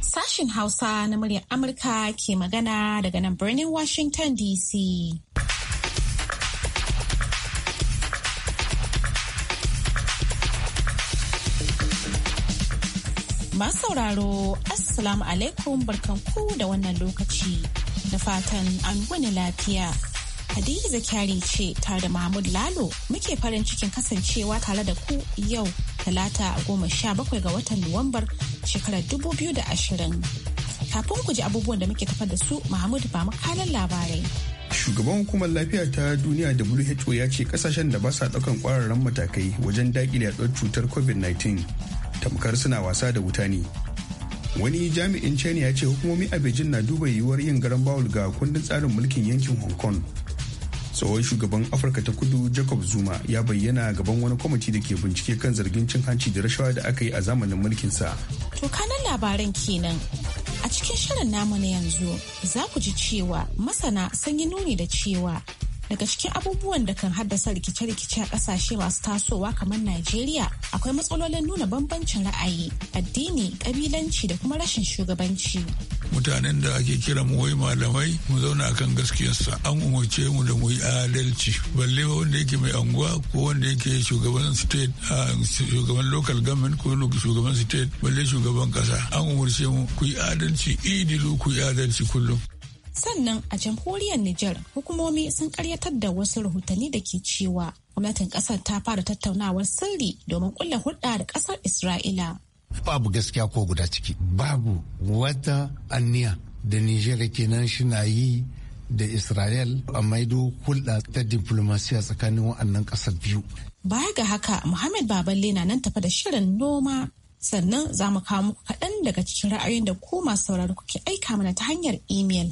Sashen Hausa na muryar Amurka ke magana daga nan birnin Washington DC. Masu sauraro, Assalamu alaikum barkanku da wannan lokaci. Da fatan an gwani lafiya. Hadiza Kyari ce tare da Mahmud Lalo muke farin cikin kasancewa tare da ku yau talata goma sha bakwai ga watan Nuwambar shekarar dubu biyu da ashirin. Kafin ku ji abubuwan da muke tafar da su Mahmud ba makalan labarai. Shugaban hukumar lafiya ta duniya WHO ya ce kasashen da ba sa ɗaukan ƙwararren matakai wajen daƙile yaɗuwar cutar COVID-19 tamkar suna wasa da wuta ne. wani jami'in china ya ce hukumomi a beijing na duba yiwuwar yin garan bawul ga kundin tsarin mulkin yankin hong kong tsohon shugaban afirka ta kudu jacob zuma ya bayyana gaban wani kwamiti da ke bincike kan zargin cin hanci da rashawa da aka yi a zamanin mulkinsa to kanan labaran kenan a cikin shirin namu na yanzu za ku ji cewa masana sun yi nuni da cewa daga cikin abubuwan da kan haddasa rikice-rikice a kasashe masu tasowa kamar najeriya akwai matsalolin nuna bambancin ra'ayi addini kabilanci da kuma rashin shugabanci mutanen da ake kira mu wai malamai mu zauna akan gaskiyarsa an umarce mu da mu yi adalci balle wanda yake mai anguwa ko wanda yake shugaban state shugaban local government ko shugaban state balle shugaban kasa an umarce mu ku yi adalci idilu ku yi adalci kullum sannan a jamhuriyar Nijar hukumomi sun karyatar da wasu rahotanni da ke cewa gwamnatin kasar ta fara tattaunawar sirri domin kulla hulɗa da kasar Isra'ila. Babu gaskiya ko guda ciki babu wata anniya da Nijar kenan shina yi da Isra'il a maido hulɗa ta diplomasiya tsakanin wa'annan ƙasar biyu. Baya ga haka Muhammad Baballe na nan tafa da shirin noma sannan za mu kawo muku kaɗan daga cikin ra'ayoyin da ku masu sauraro kuke aika mana ta hanyar imel.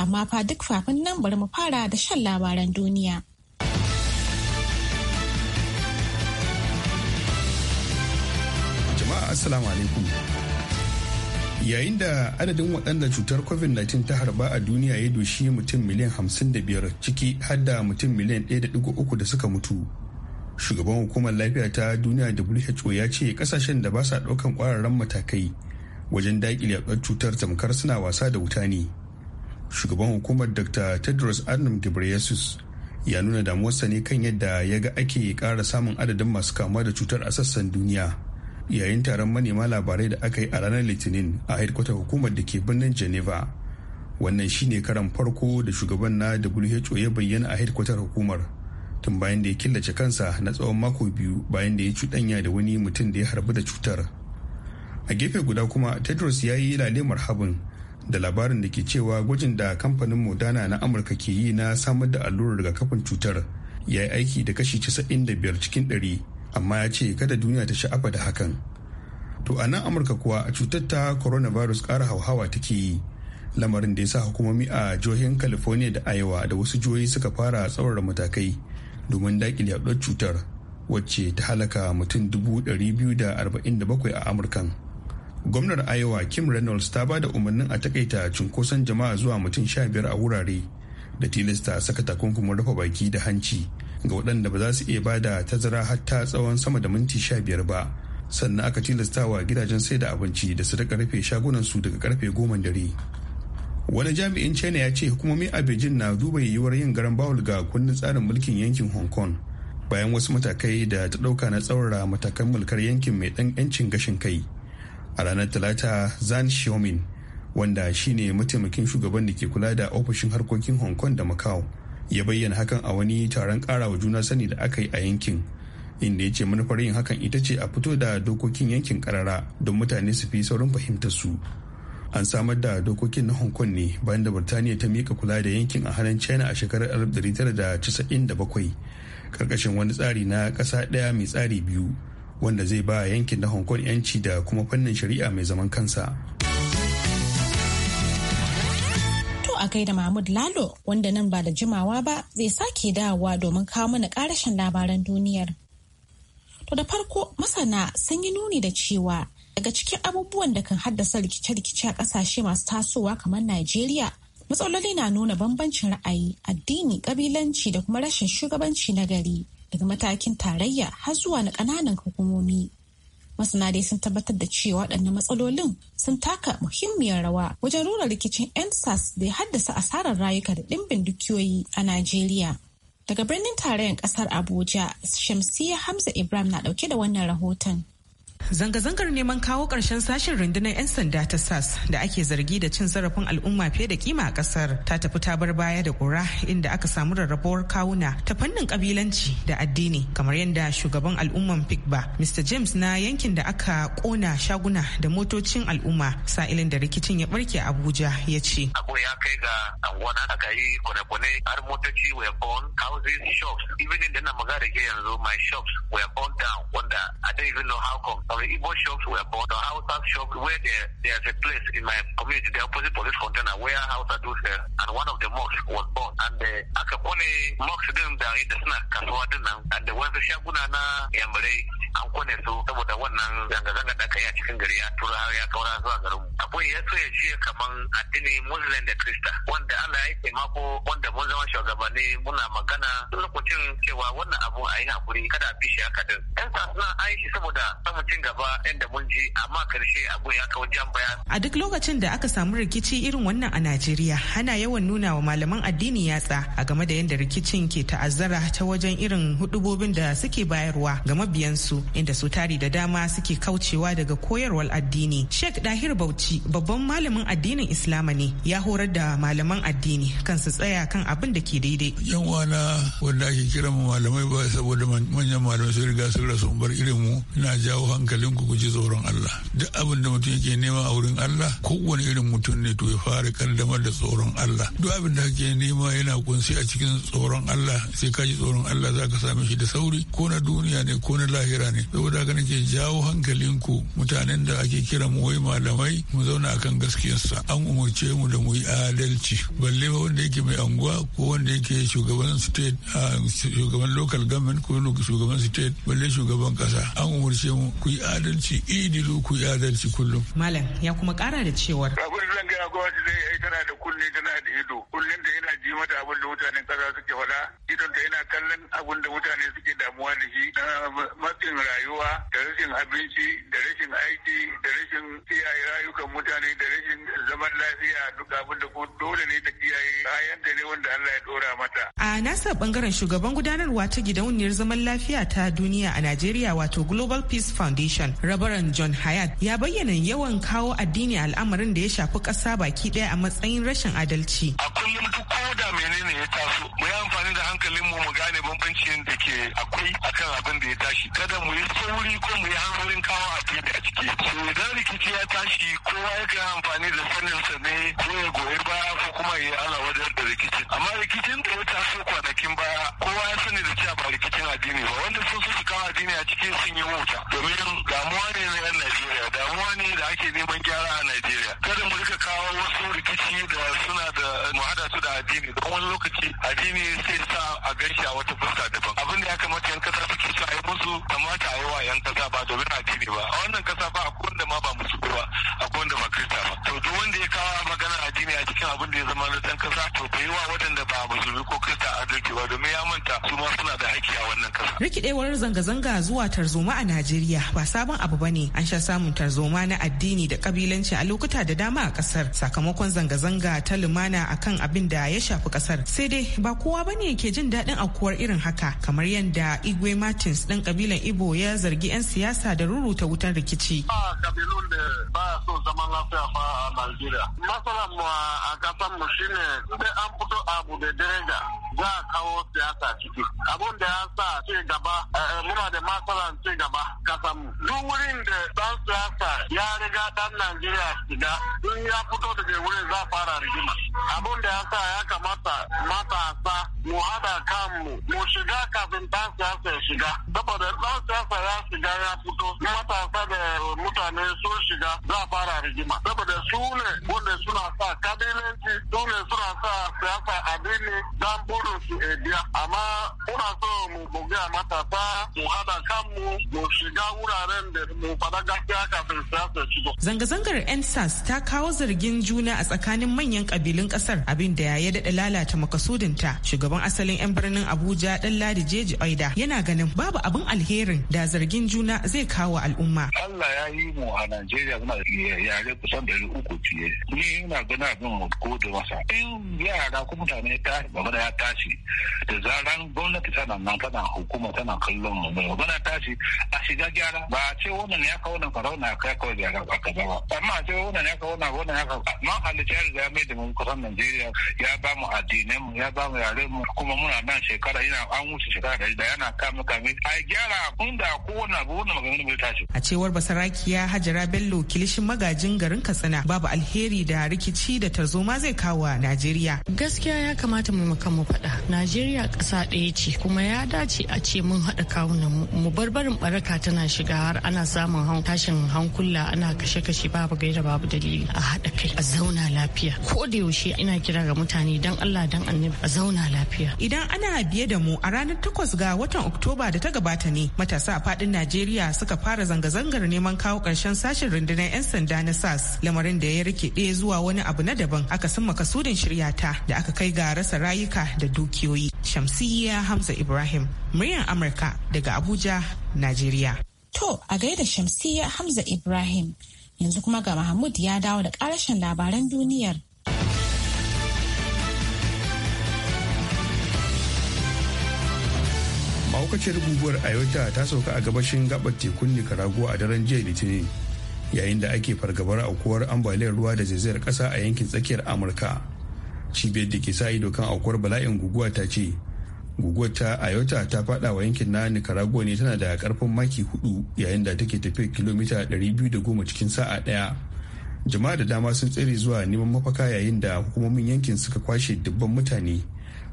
amma fa duk fafin nan bari mu fara da shan labaran duniya. Jama'a Assalamu alaikum. Yayin da adadin waɗanda cutar COVID-19 ta harba a duniya ya doshi mutum miliyan 55 ciki har da mutum miliyan ɗaya da da suka mutu. Shugaban hukumar lafiya ta duniya WHO ya ce kasashen da ba sa ɗaukan ƙwararren matakai wajen daƙile cutar tamkar suna wasa da wuta ne. shugaban hukumar dr tedros adnum ghebreyesus ya nuna damuwarsa ne kan yadda ya ga ake kara samun adadin masu kama da cutar a sassan duniya yayin taron manema labarai da aka yi a ranar litinin a haikwatar hukumar da ke birnin geneva wannan shine karan farko da shugaban na who ya bayyana a haikwatar hukumar tun bayan da ya killace kansa na tsawon mako biyu bayan da ya cuɗanya da wani mutum da ya harbu da cutar a gefe guda kuma tedros ya yi lalemar habin da labarin da ke cewa gwajin da kamfanin modana na amurka ke yi na samar da allurar rigakafin cutar ya yi aiki da kashi 95 cikin 100 amma ya ce kada duniya ta sha'afa da hakan to a nan amurka kuwa a cutar ta coronavirus ƙara hauhawa take yi lamarin da ya sa hukumomi a jihohin california da iowa da wasu jihohi suka fara tsawar matakai domin daƙile yaduwar cutar wacce ta halaka mutum 247 a amurkan gwamnar iowa kim reynolds ta ba da umarnin a takaita cunkoson jama'a zuwa mutum sha biyar a wurare da tilasta saka takunkumin rufe baki da hanci ga waɗanda ba za su iya ba da tazara hatta tsawon sama da minti sha biyar ba sannan aka wa gidajen sai da abinci da su daga rufe shagunansu daga karfe goma dare wani jami'in china ya ce hukumomi a beijing na duba yiwuwar yin garan bawul ga kundin tsarin mulkin yankin hong kong bayan wasu matakai da ta ɗauka na tsaurara matakan mulkar yankin mai ɗan 'yancin gashin kai a ranar talata zan xiaomin wanda shine mataimakin shugaban da ke kula da ofishin harkokin hong kong da macau ya bayyana hakan a wani taron karawa juna sani da aka yi a yankin inda ya ce manufar yin hakan ita ce a fito da dokokin yankin karara don mutane su fi saurin fahimtar su an samar da dokokin na hong kong ne bayan da birtaniya ta mika kula da yankin a hannun china a shekarar 1997 karkashin wani tsari na ƙasa ɗaya mai tsari biyu wanda zai ba yankin na hong kong yanci da kuma fannin shari'a mai zaman kansa to a gaida mahmud lalo wanda nan ba da jimawa ba zai sake dawowa domin kawo mana karashin labaran duniyar to da farko masana sun yi nuni da cewa daga cikin abubuwan da kan haddasa rikice-rikice a kasashe masu tasowa kamar najeriya matsaloli na nuna bambancin ra'ayi addini ƙabilanci da kuma rashin shugabanci na gari daga matakin tarayya har zuwa na ƙananan hukumomi. Masana dai sun tabbatar da cewa waɗannan matsalolin sun taka muhimmiyar rawa wajen rura rikicin ensas sas da ya haddasa asarar rayuka da ɗimbin dukiyoyi a Najeriya. Daga birnin tarayyar ƙasar Abuja, Shamsiyya Hamza Ibrahim na ɗauke da wannan rahoton. Zanga-zangar neman kawo ƙarshen sashen rundunar 'yan sanda ta SAS da ake zargi da cin zarafin al'umma fiye da kima a ƙasar ta tafi ta bar baya da ƙura inda aka samu rarrabuwar kawuna ta fannin ƙabilanci da addini kamar yadda shugaban al'umman Pigba Mr. James na yankin da aka kona shaguna da motocin al'umma sa'ilin da rikicin ya barke Abuja ya ce. Abu ya kai ga anguwan aka yi kone-kone har motoci were houses, shops, even in da na magana yanzu my shops were burned down wanda I don't even know how come or the Igbo shops were bought The Hausa shop where there, there's a place in my community, the opposite police container where Hausa do sell and one of the mosques was bought and the uh, Akapone mosque didn't in the snack and what and the one the Shaguna Yambare an kone su saboda wannan zanga-zanga da aka yi a cikin gari ya tura har ya kaura zuwa garin mu akwai ya so ya ce kaman addini muslim da krista wanda Allah ya yi taimako wanda mun zama shugabanni muna magana tun lokacin cewa wannan abu a yi hakuri kada a bi haka din yan sasuna an yi shi saboda samun gaba yadda mun ji amma karshe abu ya kawo jan baya. a duk lokacin da aka samu rikici irin wannan a Najeriya ana yawan nuna wa malaman addini yatsa a game da yadda rikicin ke ta'azzara ta wajen irin hudubobin da suke bayarwa ga mabiyansu inda su tari da dama suke kaucewa daga koyarwar addini sheikh dahir bauchi babban malamin addinin islama ne ya horar da malaman addini kan su tsaya kan abin da ke daidai yan wana wanda ake kira malamai ba saboda manyan malamai sun riga sun rasu bar irin mu na jawo hankalin ku guji tsoron Allah duk abin da mutum yake nema a wurin Allah ko wani irin mutum ne to ya fara kaddamar da tsoron Allah duk abin da kake nema yana kunsi a cikin tsoron Allah sai ka ji tsoron Allah za ka same shi da sauri ko na duniya ne ko na lahira mutane saboda haka nake jawo hankalinku mutanen da ake kira mu wai malamai mu zauna akan gaskiyarsa an umarce mu da mu yi adalci balle wanda yake mai anguwa ko wanda yake shugaban state shugaban local government ko shugaban state balle shugaban kasa an umarce mu ku yi adalci idilu ku yi adalci kullum malam ya kuma kara da cewar abin zan ga gwamnati zai tana da kunne tana da ido kullum da yana ji mata abin da mutanen kallon abin da mutane suke damuwa da shi na matsin rayuwa da rashin abinci da rashin aiki da rashin kiyaye rayukan mutane da rashin zaman lafiya duk abin da dole ne ta kiyaye kayan da ne wanda Allah ya dora mata. A nasa bangaren shugaban gudanarwa ta gidauniyar zaman lafiya ta duniya a Najeriya wato Global Peace Foundation, Rabaran John Hayat ya bayyana yawan kawo addini al'amarin da ya shafi ƙasa baki ɗaya a matsayin rashin adalci. A da menene ya taso mu yi amfani da hankalin mu mu gane bambancin da ke akwai akan abin da ya tashi kada mu yi sauri ko mu yi hankalin kawo a fili a ciki so idan rikici ya tashi kowa ya kan amfani da sanin sa ne ko ya goyi baya ko kuma ya ala wajen da rikicin amma rikicin da ya taso kwanakin baya kowa ya sani da cewa ba rikicin addini ba wanda sun su kawo addini a cikin sun yi wuta domin damuwa ne na yan Najeriya damuwa ne da ake neman gyara a Najeriya kada mu rika kawo wasu rikici da suna da addini don wani lokaci addini sai sa a gaishe a wata fuska daban abin da ya kamata yan kasa suke so a yi musu kamata a yi wa yan kasa ba domin addini ba a wannan kasa ba akwai wanda ma ba musu ba akwai wanda ba kirista ba to duk wanda ya kawo magana addini a cikin abin da ya zama na dan kasa to bai yi wa waɗanda ba musulmi ko kirista adalci ba domin ya manta su ma suna da haƙƙi a wannan kasa. Rikidewar zanga-zanga zuwa tarzoma a Najeriya ba sabon abu bane an sha samun tarzoma na addini da kabilanci a lokuta da dama a ƙasar sakamakon zanga-zanga ta lumana akan abin da ya shafi ƙasar. sai dai ba kowa bane ke jin daɗin aukuwar irin haka kamar yadda Igwe Martins ɗan kabilan Ibo ya zargi 'yan siyasa da ruruta wutan rikici. Ba kabilun da ba so zaman lafiya fa a Najeriya. Masalan mu a kasan mu shine sai an fito abu da daraja za a kawo siyasa ciki abun da ya sa ce gaba eh, muna da matsalan ce gaba kasan duk wurin da dan siyasa ya riga dan najeriya shiga in ya fito daga wurin za fara rigima abun da ya sa ya kamata matasa mu hada kanmu mu shiga kafin dan siyasa ya shiga saboda dan siyasa ya shiga ya fito matasa da mutane sun shiga za fara rigima saboda su ne wanda suna sa kabilanci su ne suna siyasa abin ne dan burin su eh, amma kuna so mu gaya matasa mu hada kanmu mu shiga wuraren da mu faɗa gaskiya kafin siyasa shigo. Zanga-zangar NSAS ta kawo zargin juna a tsakanin manyan kabilun kasar abin da ya daɗa lalata makasudinta. Shugaban asalin 'yan birnin Abuja ɗan Ladi Jeji Oida yana ganin babu abin alherin da zargin juna zai kawo al'umma. Allah ya yi mu a Najeriya muna yare kusan ɗari uku fiye. Ni ina ganin abin ko da wasa. In yara ko mutane ta ya tashi da zaran gwamnati gwamnati tana nan tana hukuma tana kallon mai magana ta ce a shiga gyara ba a ce wannan ya kawo nan farau na kai kawai gyara ba ka zama amma a ce wannan ya kawo nan wannan ya kawo man halitta ya riga ya mai da mu kusan Najeriya ya ba mu addinai mu ya ba mu yare mu kuma muna nan shekara yana an wuce shekara da da yana kame kame a gyara kun da ko kowane abu wannan magana bai tashi. A cewar Basarakiya Hajara Bello kilishin magajin garin Katsina babu alheri da rikici da tarzoma zai kawo a Najeriya. Gaskiya ya kamata mu mu faɗa Najeriya ƙasa ɗaya ce kuma ya dace a ce mun haɗa kawunan mu barbarin baraka tana shiga har ana samun tashin hankula ana kashe-kashe babu gaira babu dalili a haɗa kai a zauna lafiya ko da yaushe ina kira ga mutane dan Allah dan annabi a zauna lafiya idan ana biye da mu a ranar takwas ga watan oktoba da ta gabata ne matasa a faɗin najeriya suka fara zanga-zangar neman kawo ƙarshen sashen rundunar 'yan sanda na sas lamarin da ya rike ɗaya zuwa wani abu na daban aka sun makasudin shiryata da aka kai ga rasa rayuka da dukiyoyi shamsiyya Hamza Ibrahim, muryar Amurka daga Abuja, Najeriya. To, a gaida Shamsiyya Hamza Ibrahim, yanzu kuma ga Mahmud ya dawo da ƙarashin labaran duniyar. mahaukaciyar guguwar ayota ta sauka a gabashin gabar tekun nicaragua a daren jiya litinin yayin da ake fargabar aukuwar ambaliyar ruwa da zaizayar kasa a yankin tsakiyar amurka cibiyar da ke sa ido kan aukuwar bala'in guguwa ta ce guguwar ta ayota ta fada wa yankin na nicaragua ne tana da karfin maki hudu yayin da take tafiya kilomita 210 cikin sa'a daya jama'a da dama sun tsere zuwa neman mafaka yayin da hukumomin yankin suka kwashe dubban mutane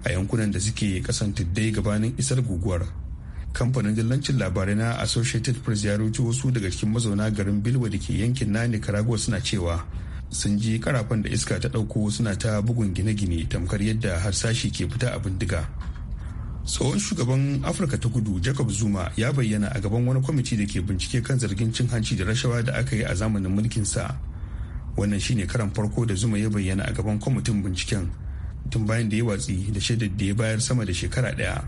a yankunan da suke kasan tuddai gabanin isar guguwar kamfanin dillancin labarai na associated press ya rubuta wasu daga cikin mazauna garin bilwa da ke yankin na nicaragua suna cewa sun ji karafan da iska ta ɗauko suna ta bugun gine-gine tamkar yadda harsashi ke fita a bindiga tsohon shugaban afirka ta kudu jacob zuma ya bayyana a gaban wani kwamiti da ke bincike kan zargin cin hanci da rashawa da aka yi a zamanin mulkin sa wannan shine karan farko da zuma ya bayyana a gaban kwamitin binciken tun bayan da ya watsi da shaidar da ya bayar sama da shekara daya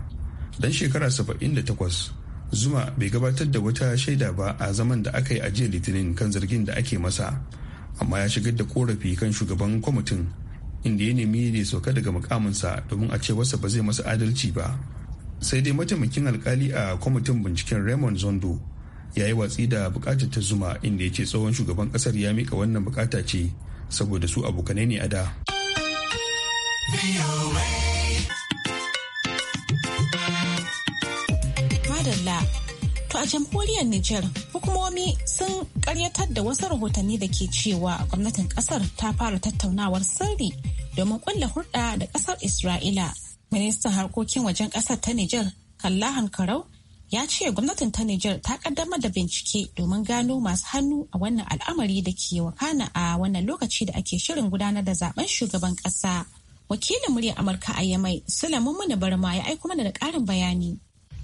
dan shekara saba'in da takwas zuma bai gabatar da wata shaida ba a zaman da aka yi a jiya litinin kan zargin da ake masa amma ya shigar da korafi kan shugaban kwamitin inda ya nemi da sauka daga mukaminsa domin a ce wasa ba zai masa adalci ba sai dai mataimakin alkali a kwamitin binciken raymond zondo ya yi watsi da bukatar ta zuma inda ya ce tsohon shugaban kasar ya mika wannan bukata ce saboda su abokanai ne a da madalla To a jamhuriyar Nijar hukumomi sun karyatar da wasu rahotanni da ke cewa gwamnatin kasar ta fara tattaunawar sirri domin kulla hulɗa da kasar Isra'ila. Ministan harkokin wajen kasar ta Nijar Kallahan Karau ya ce gwamnatin ta Nijar ta kaddamar da bincike domin gano masu hannu a wannan al'amari da ke wakana a wannan lokaci da ake shirin gudanar da zaben shugaban kasa. Wakilin muryar Amurka a Yamai, Sulaiman Muna Barma ya aiko mana da ƙarin bayani.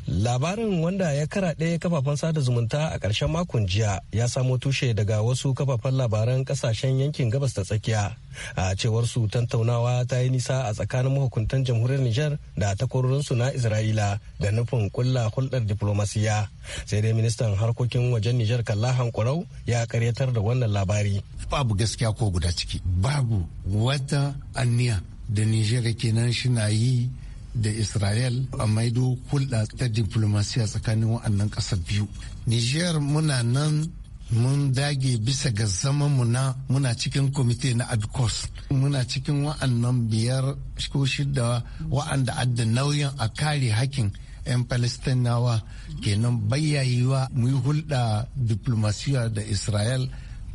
Labarin wanda ya karaɗe kafafen sada zumunta a ƙarshen makon jiya ya samo tushe daga wasu kafafen labaran ƙasashen yankin gabas ta tsakiya. A cewar su tantaunawa ta yi nisa a tsakanin mahukuntan jamhuriyar Nijar da takwarorinsu na Isra'ila da nufin kulla hulɗar diplomasiya. Sai dai ministan harkokin wajen Nijar Kalla Hankurau ya karyatar da wannan labari. Babu gaskiya ko guda ciki. Babu wata anniya da Nijar kenan shi na yi da Israel a maido hulɗa ta diplomasiya tsakanin wa'annan ƙasar biyu. Nijar muna nan mun dage bisa ga zaman mu na muna cikin kwamite na adcos muna cikin wa'annan biyar ko shida wa'anda adda nauyin a kare hakin 'yan palestinawa kenan bayyayewa mu yi hulɗa diplomasiya da israel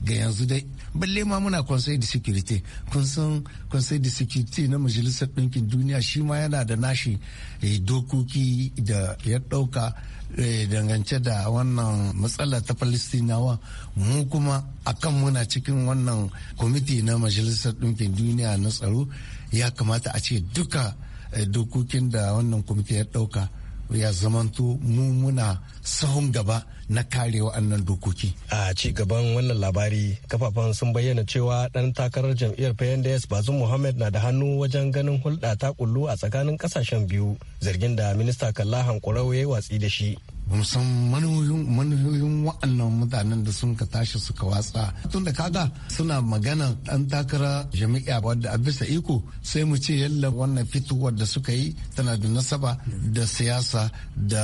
ga yanzu dai balle ma muna conseil de security kun san conseil de na majalisar ɗinkin duniya shi ma yana da nashi eh, dokoki da ya ɗauka eh, dangance da wannan matsala ta palestinawa mu kuma akan muna cikin wannan kwamiti na majalisar ɗinkin duniya na tsaro ya kamata a ce duka eh, dokokin da wannan kwamiti ya ɗauka ya zamanto mu muna sahun gaba na kare wa'annan dokoki. A ci gaban wannan labari kafafen sun bayyana cewa ɗan takarar jam'iyyar PNDS Bazum Muhammad na da hannu wajen ganin hulɗa ta kullu a tsakanin ƙasashen biyu zargin da minista Kalla Hankurau ya yi watsi da shi. ba san wa'annan mutanen da sun ka tashi suka watsa tun da kaga suna magana an takara jami'a wadda a bisa iko sai mu ce yalla wannan fituwar da suka yi tana da nasaba da siyasa da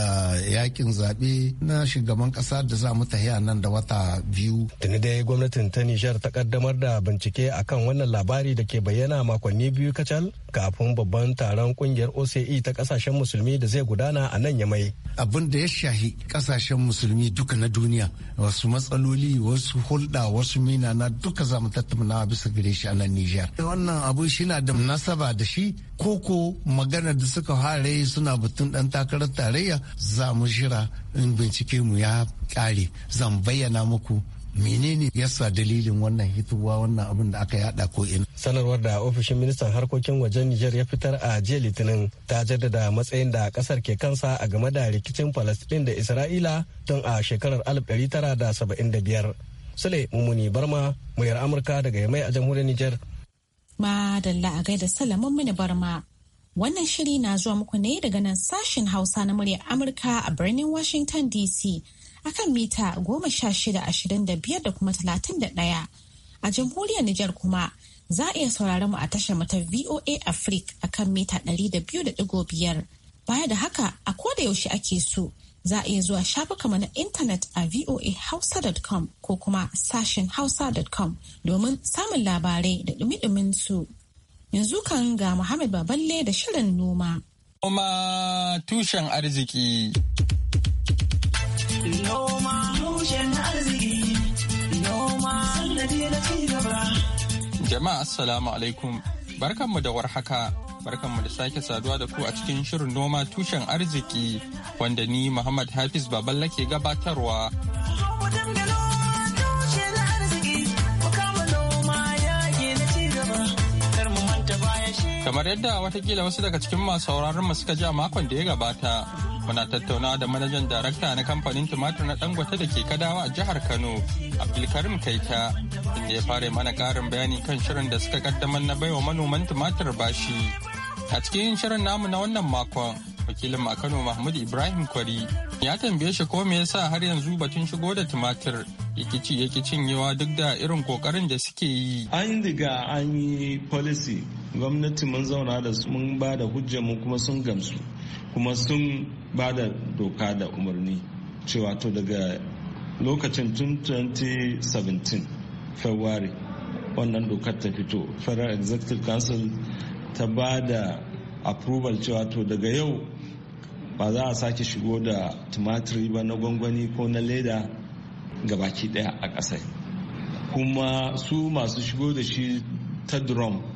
yakin zaɓe na shugaban ƙasa da za mu tahiya nan da wata biyu. Tuni dai gwamnatin ta Nijar ta kaddamar da bincike akan wannan labari da ke bayyana makonni biyu kacal kafin babban taron kungiyar OCE ta ƙasashen musulmi da zai gudana a nan yamai. Abin da ya shahi kasashen musulmi duka na duniya wasu matsaloli wasu hulɗa wasu mina na duka zamu tattauna bisa gare shi a nan Nijar. Wannan abu shi na da nasaba da shi koko magana da suka fara suna batun dan takarar tarayya za mu jira in bincike mu ya kare zan bayyana muku menene yasa dalilin wannan hituwa wannan abin da aka yada ko ina sanarwar da ofishin ministan harkokin wajen Nijar ya fitar a jiya litinin ta jaddada matsayin da kasar ke kansa a game da rikicin Falastin da Isra'ila tun a shekarar 1975 Sule Mumuni Barma muryar Amurka daga Yamai a jamhuriyar Nijar Madalla a gaida Salamun Mini Barma Wannan shiri na zuwa muku ne daga nan sashen Hausa na muryar Amurka a birnin Washington DC. akan mita goma sha shida ashirin da biyar da kuma talatin da ɗaya. A jamhuriyar Nijar kuma za a iya sauraron mu a tashar mu ta VOA Africa akan mita ɗari da biyu da ɗigo biyar. Baya da haka a koda yaushe ake so za a iya zuwa shafukanmu na intanet a voahausa.com ko kuma sashen hausa.com domin samun labarai da dumi su. Yanzu kan ga Muhammad Baballe da shirin noma. kuma tushen arziki. Noma tushen arziki. Noma sannadi na cigaba. Jama'a assalamu alaikum. Barkanmu da warhaka. Barkanmu da sake saduwa da ku a cikin shirin noma tushen arziki wanda ni Muhammad Hafiz Baballa ke gabatarwa. Kamar yadda watakila wasu daga cikin masu sauraron mu suka ja makon da ya gabata, muna tattaunawa da manajan darakta na kamfanin tumatir na dangote da ke kadawa a jihar kano abdulkarim kaita inda ya fara mana karin bayani kan shirin da suka kaddamar na baiwa manoman tumatir bashi a cikin shirin namu na wannan makon wakilin a kano mahmud ibrahim kwari ya tambaye shi ko me yasa har yanzu batun shigo da tumatir rikici yake cinyewa duk da irin kokarin da suke yi. An riga an yi policy gwamnati mun zauna da su mun ba da hujjar mu kuma sun gamsu. kuma sun ba da doka da umarni cewa to daga lokacin tun 2017 february wannan dokar ta fito federal executive council ta ba da approval cewa to daga yau ba za a sake shigo da tumatiri ba na gwangwani ko na leda ga baki daya a kasai kuma su masu shigo da shi ta drum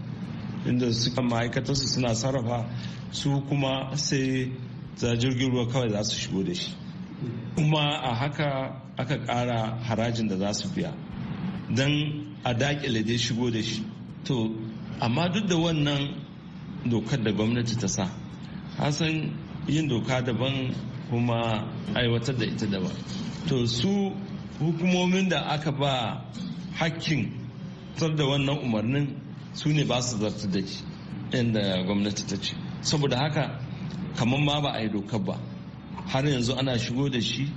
inda suka ma'aikatarsu suna sarrafa su kuma sai za jirgin ruwa kawai za su shigo da shi kuma a haka aka ƙara harajin da za su biya don a dakile dai shigo da shi to amma duk da wannan dokar da gwamnati ta sa hasan yin doka daban kuma aiwatar da ita daban to su hukumomin da aka ba hakkin tar da wannan umarnin su ne ba su zartar da shi inda gwamnati ta ce saboda haka kamar ma ba a yi dokar ba har yanzu ana shigo da shi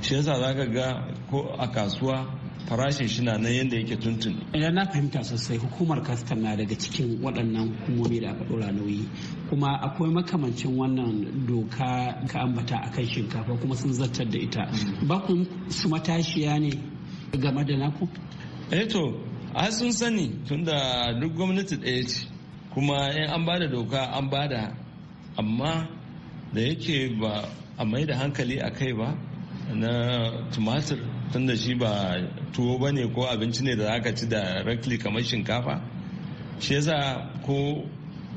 shi yasa za ka ga ko a kasuwa farashin shi na nan yadda yake tuntun. idan na fahimta sosai hukumar kastam na daga cikin waɗannan hukumomi da aka ɗora nauyi kuma akwai makamancin wannan doka ka ambata a kan shinkafa kuma sun zartar da ita mm. ba su matashiya ne game da naku? eh to a sun sani tun da duk gwamnati ɗaya ce kuma in an bada doka an bada amma da yake ba a mai da hankali a kai ba na tumatir tun da shi ba tuwo ba ne ko abinci ne da za ka ci da rakli kamar shinkafa shi za ko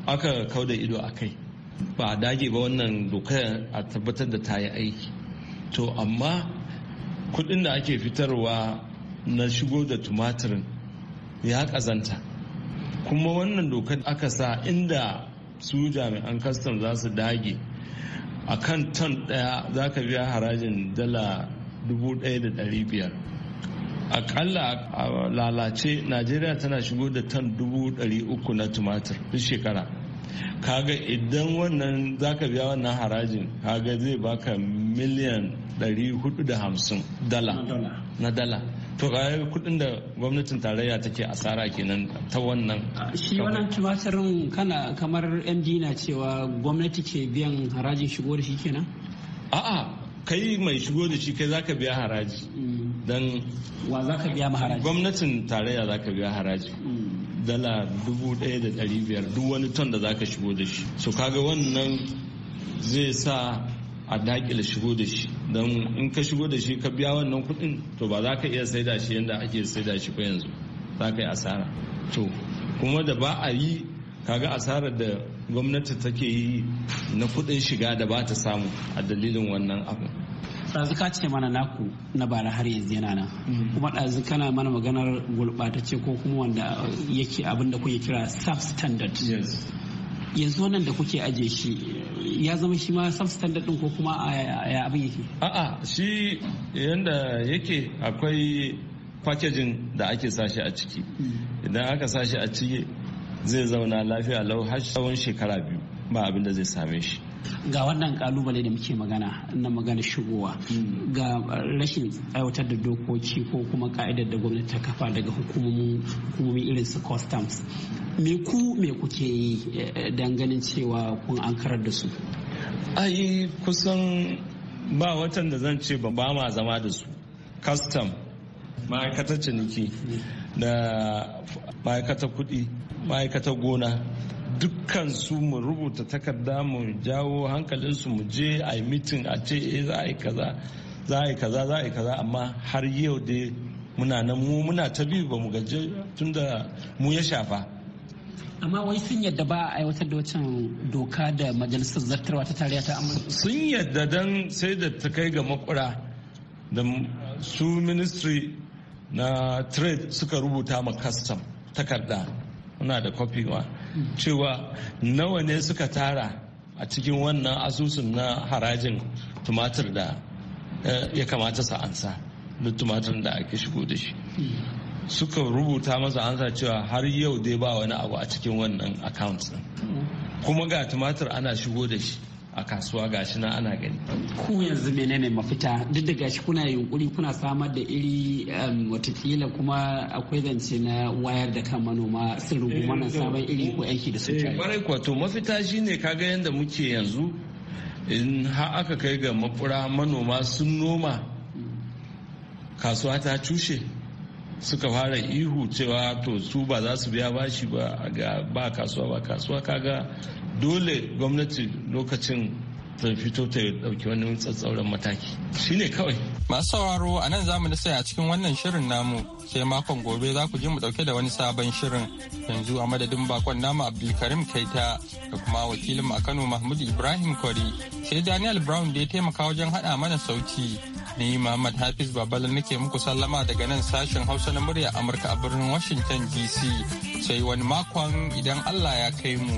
aka kau da ido a kai ba a dage ba wannan dokar a tabbatar da ta yi aiki to amma kudin da ake fitarwa na shigo da tumatirin ya kazanta kuma wannan dokar aka sa inda su jami'an kastam za su dage a kan ton daya za ka biya harajin dala 1,500 akalla a lalace najeriya tana shigo da ton 300 na tumatir duk shekara kaga idan wannan za ka biya wannan harajin kaga zai baka miliyan 450 dala na dala to ga kudin da gwamnatin tarayya take asara kenan ta wannan shi wannan tumatirin kana kamar md na cewa gwamnati ke biyan harajin shigo da shi kenan a'a kai mai shigo da shi kai zaka biya haraji mm. dan wa zaka biya ma haraji gwamnatin tarayya zaka biya haraji mm. dala dubu daya da dari biyar duk wani ton da zaka shigo da shi so kaga wannan zai sa a dakile shigo da shi don in ka shigo da shi ka biya wannan kuɗin to ba za ka iya saida shi yadda ake saida shi ba yanzu za ka yi asara to kuma da ba a yi kaga asara da gwamnati take yi na kuɗin shiga da ba ta samu a dalilin wannan abu ɗazu ka ce mana naku na bara har yanzu yana nan mm. kuma ɗazu kana mana maganar gurɓatacce ko kuma wanda yake abinda da kuke kira staff standard yanzu wannan da kuke aje shi ya zama shi ma substandard din ko kuma a abin yake a'a shi yanda yake akwai packaging da ake sashi a ciki hmm. idan aka sashi a ciki zai zauna lafiya lau har tsawon shekara biyu ba abin da zai same shi ga wannan kalubale da muke magana na magana shigowa ga rashin aiwatar da dokoki ko kuma ka'idar da gwamnati ta kafa daga hukumomin irin su customs me ku me kuke yi eh, ganin cewa kun ankarar da su ai kusan ba watan da zan ce ba ma zama da su custom ma'aikatar ciniki mm. da ma'aikatar kuɗi ma'aikatar gona dukkan su mu rubuta takarda mu jawo hankalinsu mu je a yi mitin a ce eh za a yi kaza za a yi kaza za a yi kaza amma har yau dai muna nan mu muna ta biyu ba mu gaje da mu ya shafa amma wai sun yadda ba a aiwatar da wacan doka da majalisar zartarwa ta tarayya ta amma. sun yadda don sai da ta kai ga makura da su ministry na trade suka rubuta ma custom takarda muna da kofi ma cewa nawa ne suka tara a cikin wannan asusun na harajin tumatir da eh, ya kamata sa ansa da tumatir da ake shigo da shi suka rubuta masa ansa cewa har yau dai ba wani abu a cikin wannan account kuma ga tumatir ana shigo da shi a kasuwa gashi na ana gani ku yanzu menene mafita duk da gashi kuna yunkuri kuna samar da iri um, watakila kuma akwai zance na wayar da kan manoma sun rubu mana eh, sabon eh, iri ko yanki da su kwarai eh, kwato mafita shine kaga yadda muke yanzu in har aka kai ga makura manoma sun noma kasuwa ta cushe suka fara ihu cewa to su ba za su biya bashi ba ga ba kasuwa ba kasuwa kaga dole gwamnati lokacin ta fito ta dauki wani tsatsauran mataki shine kawai masu sauraro a nan zamu da sai a cikin wannan shirin namu sai makon gobe za ku ji mu dauke da wani sabon shirin yanzu a madadin bakon namu abdulkarim kaita da kuma wakilin a kano mahmud ibrahim kwari sai daniel brown da ya taimaka wajen haɗa mana sauti ni muhammad hafiz babala nake muku sallama daga nan sashen hausa na murya amurka a birnin washington dc sai wani makon idan allah ya kai mu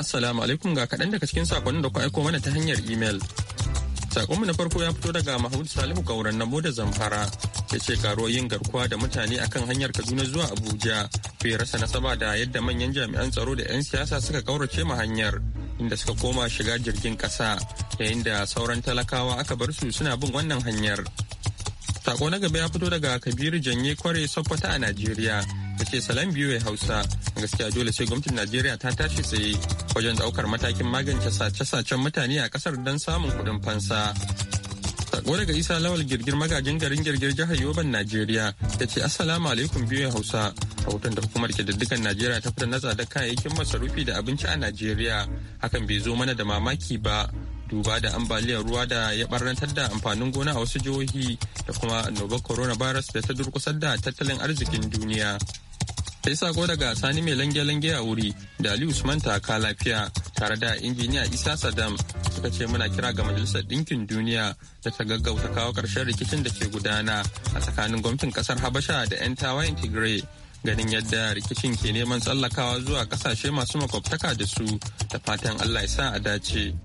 assalamu alaikum ga kaɗan daga cikin sakonnin da ku aiko mana ta hanyar imel. Sakonmu na farko ya fito daga Mahmud Salihu Gauran Namo da Zamfara ya ce karo yin garkuwa da mutane akan hanyar Kaduna zuwa Abuja bai rasa nasaba da yadda manyan jami'an tsaro da 'yan siyasa suka kaurace ma hanyar inda suka koma shiga jirgin ƙasa yayin da sauran talakawa aka bar su suna bin wannan hanyar. Sako na gaba ya fito daga Kabiru Janye Kware Sokoto a Najeriya. ce salam biyu ya Hausa gaskiya dole sai gwamnatin Najeriya ta tashi tsaye wajen daukar matakin magance sace-sacen mutane a kasar don samun kudin fansa. Sako daga Isa Lawal Girgir magajin garin Girgir jihar Yoban Najeriya ya ce Assalamu alaikum biyu ya Hausa. rahoton da hukumar kididdigan Najeriya ta fita nazar da kayayyakin masarufi da abinci a Najeriya hakan bai zo mana da mamaki ba duba da ambaliyar ruwa da ya barantar da amfanin gona a wasu jihohi da kuma annobar coronavirus da ta durkusar da tattalin arzikin duniya. Sai sako daga Sani mai lange-lange a wuri da Ali Usman ta ka lafiya tare da injiniya Isa Saddam suka ce muna kira ga Majalisar Ɗinkin Duniya da ta gaggauta kawo ƙarshen rikicin da ke gudana a tsakanin gwamnatin ƙasar Habasha da 'yan tawayen Tigray ganin yadda rikicin ke neman tsallakawa zuwa ƙasashe masu makwabtaka da su da fatan Allah ya sa a dace.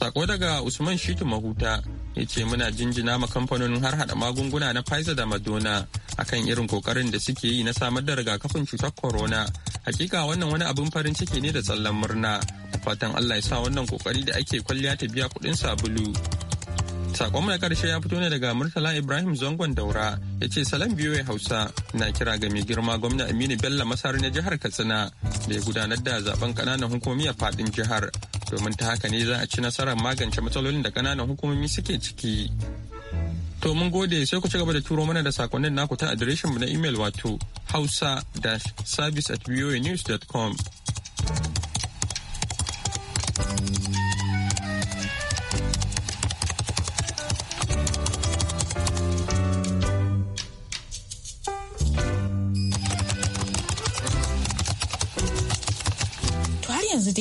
Sako daga Usman Shitu Mahuta ya ce muna jinjina ma kamfanonin har hada magunguna na Pfizer da Madonna akan irin kokarin da suke yi na samar da rigakafin cutar corona. Hakika wannan wani abin farin ciki ne da tsallan murna. Fatan Allah ya sa wannan kokari da ake kwalliya ta biya kuɗin sabulu. Sakon na karshe ya fito ne daga Murtala Ibrahim Zangon Daura ya ce salam biyoyi Hausa na kira ga mai girma gwamna Aminu Bello Masar na jihar Katsina da ya gudanar da zaben ƙananan hukumiyar a fadin jihar domin ta haka ne za a ci nasarar magance matsalolin da kananan hukumomi suke ciki. To mun gode sai ku ci gaba da turo mana da sakonnin naku ta adireshin mu na imel wato hausa-service at com.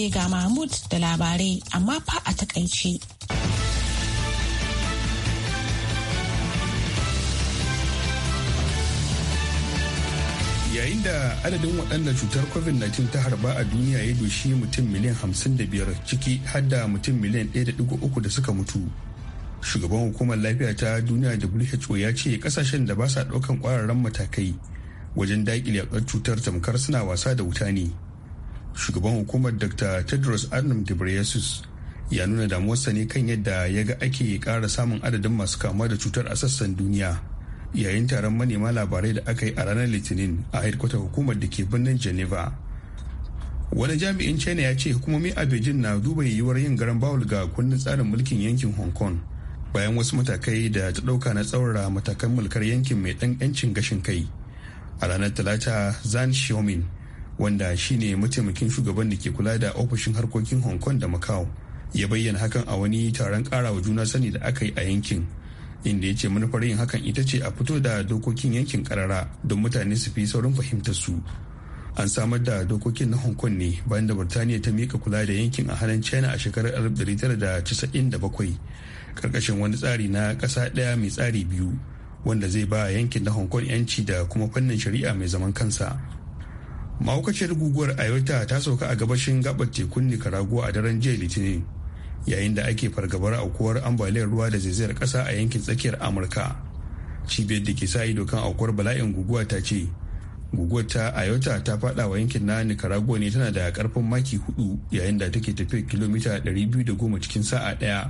ce ga Mahmud da labarai amma fa a takaice. Yayin da adadin waɗanda cutar COVID-19 ta harba a duniya ya doshi mutum miliyan 55 ciki har da mutum miliyan ɗaya da da suka mutu. Shugaban hukumar lafiya ta duniya WHO ya ce ƙasashen da ba sa ɗaukan ƙwararren matakai wajen daƙile yaƙar cutar tamkar suna wasa da wuta ne. shugaban hukumar dr tedros adnam ghebreyesus ya nuna damuwarsa ne kan yadda ya ga ake kara samun adadin masu kama da cutar a sassan duniya yayin taron manema labarai da aka yi a ranar litinin a hedkwatar hukumar da ke birnin geneva wani jami'in china ya ce hukumomi a beijing na duba yiwuwar yin garan bawul ga kundin tsarin mulkin yankin hong kong bayan wasu matakai da ta ɗauka na tsaurara matakan mulkar yankin mai ɗan 'yancin gashin kai a ranar talata zan xiaomin wanda shine mataimakin shugaban da ke kula da ofishin harkokin hong kong da macau ya bayyana hakan a wani taron karawa juna sani da aka yi a yankin inda ya ce manufar yin hakan ita ce a fito da dokokin yankin karara don mutane su fi saurin fahimtar su an samar da dokokin na hong kong ne bayan da birtaniya ta mika kula da yankin a hannun china a shekarar 1997 karkashin wani tsari na ƙasa ɗaya mai tsari biyu wanda zai ba yankin na hong kong yanci da kuma fannin shari'a mai zaman kansa mahaukaciyar guguwar ayota ta sauka a gabashin gabar tekun nicaragua a daren jiya litinin yayin da ake fargabar aukuwar ambaliyar ruwa da zaizayar kasa a yankin tsakiyar amurka cibiyar da ke sa ido kan aukuwar bala'in guguwa ta ce guguwar ta ayota ta fada wa yankin na nicaragua ne tana da karfin maki hudu yayin da take tafiya kilomita 210 cikin sa'a daya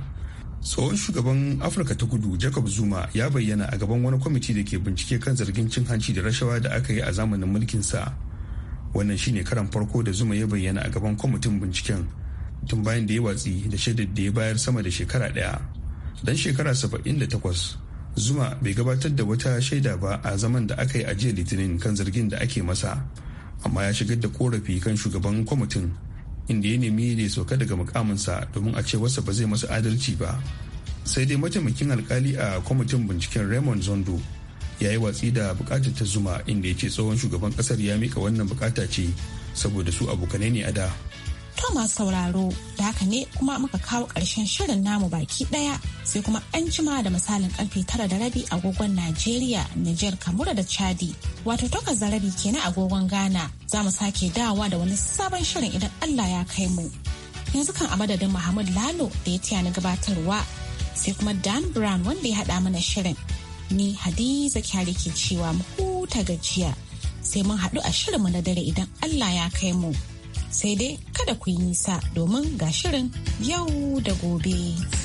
tsohon shugaban afirka ta kudu jacob zuma ya bayyana a gaban wani kwamiti da ke bincike kan zargin cin hanci da rashawa da aka yi a zamanin mulkinsa wannan shine karan farko da zuma ya bayyana a gaban kwamitin binciken tun bayan da ya watsi da shaidar da ya bayar sama da shekara daya dan shekara saba'in da takwas zuma bai gabatar da wata shaida ba a zaman da aka yi a litinin kan zargin da ake masa amma ya shigar da korafi kan shugaban kwamitin inda ya nemi ne sauka daga mukaminsa domin a ce wasa ba zai masu adalci ba sai dai mataimakin alkali a kwamitin binciken raymond zondo ya yi watsi da bukatar ta zuma inda ya ce tsohon shugaban kasar ya mika wannan bukata ce saboda su abokanai ne a da. To masu sauraro da haka ne kuma muka kawo ƙarshen shirin namu baki ɗaya sai kuma an jima da misalin karfe tara da rabi agogon Najeriya, Nijar, Kamura da Chadi. Wato takwas da rabi kenan agogon Ghana za mu sake dawa da wani sabon shirin idan Allah ya kai mu. Yanzu kan a madadin Muhammad Lalo da ya taya na gabatarwa sai kuma Dan Brown wanda ya haɗa mana shirin. ni hadiza kyari ke cewa mu huta gajiya sai mun haɗu a shirinmu na dare idan allah ya kai mu sai dai kada ku yi nisa domin ga shirin yau da gobe.